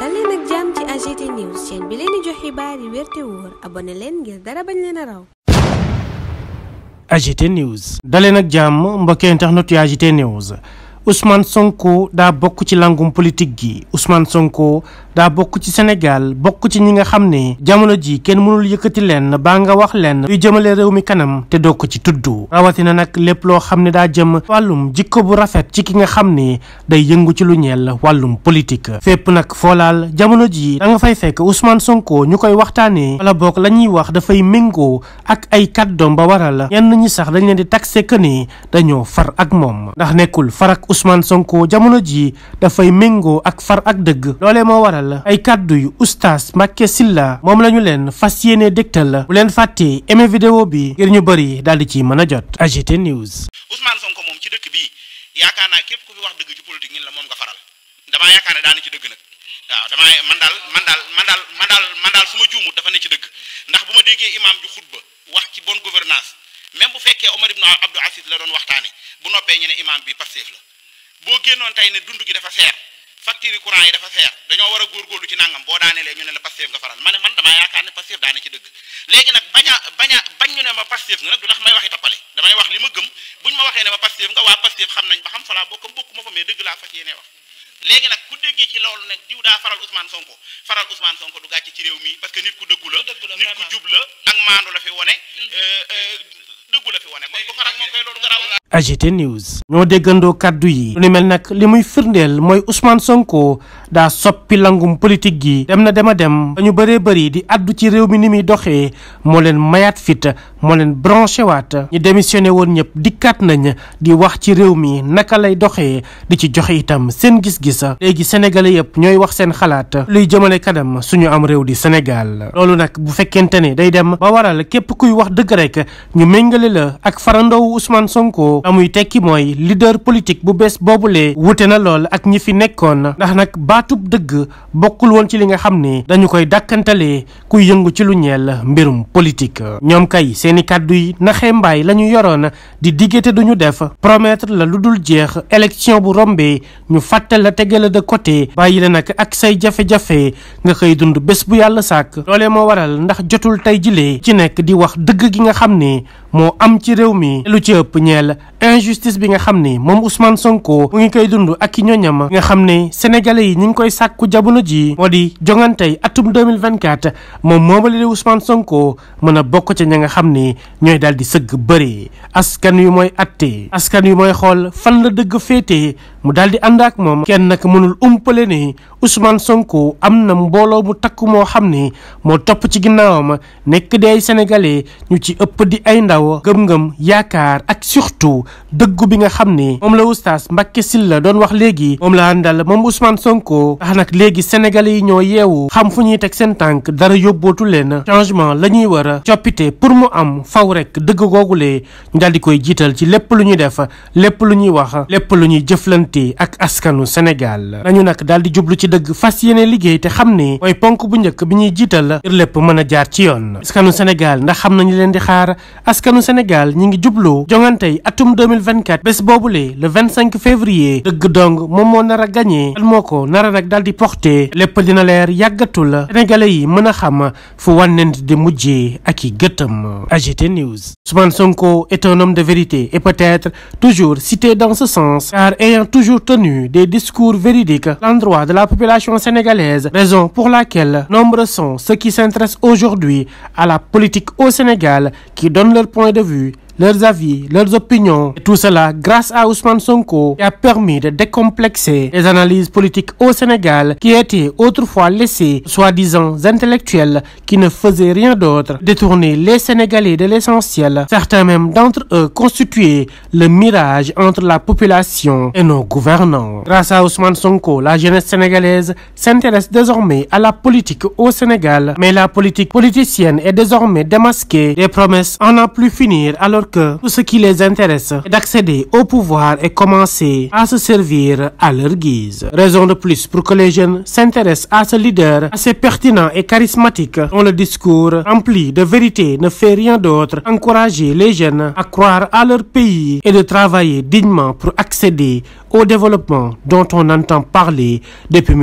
dal leen ak jàmm ci AGT news chaîne bi leen di jox xibaar yi wér te wóor abonné leen ngir dara bañ leen a raw. AGT news. daleen ak jàmm mbokki internet yu AGT news. Ousmane Sonko daa bokk ci langum politique gi Ousmane Sonko daa bokk ci Sénégal bokk ci ñi nga xam ne jamono ji kenn mënul yëkkati leen baa nga wax leen yu jëmale réew mi kanam te doo ko ci tudd rawatina nag lépp loo xam ne daa jëm wàllum jikko bu rafet ci ki nga xam ne day yëngu ci lu ñeel wàllum politique fépp nag foolaal jamono ji da nga fay fekk Ousmane Sonko ñu koy waxtaanee wala boog la ñuy wax dafay méngoo ak ay doom ba waral yenn ñi sax dañ leen di taxé que ne dañoo far ak moom Ousmane Sonko jamono jii dafay méngoo ak far ak dëgg loolee moo waral ay kàddu yu oustaz Mbacké Sylla moom la ñu leen fas yéene dégtal la bu leen fàttee aimé vidéo bi ngir ñu bëri daal di ci mën a jot AGT News. Ousmane Sonko moom ci dëkk bii yaakaar naa képp ku fi wax dëgg ci politique ñun la moom nga faral damaa yaakaar ne daan ci dëgg nag waaw damaa man daal man daal man daal su ma juumut dafa ne ci dëkk ndax bu ma déggee imaam ju xutba wax ci bonne gouvernance même bu fekkee Omar ibn Abdou Aziz la doon waxtaane bu noppee ñu imaam bi Pastef la boo génnoon tey ne dund gi dafa seer facture courant yi dafa seer dañoo war a góorgóorlu ci nangam boo daanelee ñu ne la Pastef nga faral man damaa yaakaar ne Pastef daane ci dëgg léegi nag bañ a bañ a bañ ñu ne ma Pastef nga nag ma faral Ousmane Sonko faral Ousmane Sonko du gàcce ci réew mi parce que nit ku dëggu la nit ku jub la ak la fi wone mhm. euh, euh, dëggu la fi wone kon ku faral moom koy loolu nga raw AGT News ñoo déggandoo kàddu yi lu mel nag li muy firndeel mooy Ousmane Sonko daa soppi langum politique gi dem na dema dem dañu ñu bëree bëri di àddu ci réew mi ni muy doxee moo leen mayaat fit moo leen branché waat ñu démissionné woon ñëpp dikkaat nañ di wax ci réew mi naka lay doxee di ci joxe itam seen gis-gis léegi sénégalais yëpp ñooy wax seen xalaat luy jëmale kanam suñu am réew di Sénégal loolu nag bu fekkente ne day dem ba waral képp kuy wax dëgg rek ñu méngale la ak farandowu Ousmane Sonko amuy tekki mooy lider politique bu bees boobulee wute na lool ak ñi fi nekkoon ndax nag baatub dëgg bokkul woon ci li nga xam ne dañu koy dàkkantalee kuy yëngu ci lu ñeel mbirum politique ñoom seeni kàddu yi naxee mbaay la ñu yoroon di diggante duñu def promettre la lu dul jeex élection bu rombee ñu fàtte la tege la de côté bàyyi la nag ak say jafe-jafe nga koy dund bés bu yàlla sàkk loolee moo waral ndax jotul tey jilee ci nekk di wax dëgg gi nga xam ne moo am ci réew mi lu ci ëpp ñeel injustice bi nga xam ni moom Ousmane Sonko mu ngi koy dund ak i ñoñam nga xam ne sénégalais yi ñu ngi koy sàkku jamono ji moo di jongantey atum 2024 moom moomale di Ousmane Sonko mën a bokk ca ña nga xam ni ñooy daal di sëgg bëri askan wi mooy attee askan wi mooy xool fan la dëgg féetee mu daal di ànd ak moom kenn nag mënul umpale ni Ousmane Sonko am na mbooloo mu takk moo xam ne moo topp ci ginnaawam nekk di ay sénégalais ñu ci ëpp di ay ndaw gëm-gëm yaakaar ak surtout dëggu bi nga xam ni moom la oustaz Mbacké la doon wax léegi moom la àndal moom Ousmane Sonko tax nag léegi sénégalais yi ñoo yeewu xam fu ñuy teg seen tànk dara yóbbootu leen changement la ñuy war a coppite pour mu am faw rek dëgg googule daal di koy jiital ci lépp lu ñuy def lépp lu ñuy wax lépp lu ñuy jëflante ak askanu Sénégal nañu nag daal di jublu ci dëgg fas yéene liggéey te xam ni mooy ponk bu njëkk bi ñuy jiital ngir lépp mën a jaar ci yoon askanu Sénégal ndax xam nañu leen di xaar askanu Sénégal ñi ngi jublu jongantey atum 2024 bés boobule le 25 février dëgg dong moom moo nar a gagné lan moo ko nar nag daal di porté lépp dina leer yàggatul sénégalais yi mën a xam fu wànnent di mujjee ak i gëttam AGT un de vérité et peut-être toujours cité dans ce sens car ayant toujours tenu des discours véridiques à l'endroit de la population sénégalaise raison pour laquelle nombreux sont ceux qui s'intéressent aujourd'hui à la politique au Sénégal qui donnent leur point de vue leurs avis, leurs opinions. Et tout cela grâce à Ousmane Sonko qui a permis de décomplexer les analyses politiques au Sénégal qui étaient autrefois laissées soi-disant intellectuels qui ne faisaient rien d'autre détourner les Sénégalais de l'essentiel. Certains même d'entre eux constituaient le mirage entre la population et nos gouvernants. Grâce à Ousmane Sonko, la jeunesse sénégalaise s'intéresse désormais à la politique au Sénégal, mais la politique politicienne est alors que tout ce qui les intéresse est d'accéder au pouvoir et commencer à se servir à leur guise. Raison de plus pour que les jeunes s'intéressent à ce leader assez pertinent et charismatique dont le discours empli de vérité ne fait rien d'autre encourager les jeunes à croire à leur pays et de travailler dignement pour accéder au développement dont on entend parler depuis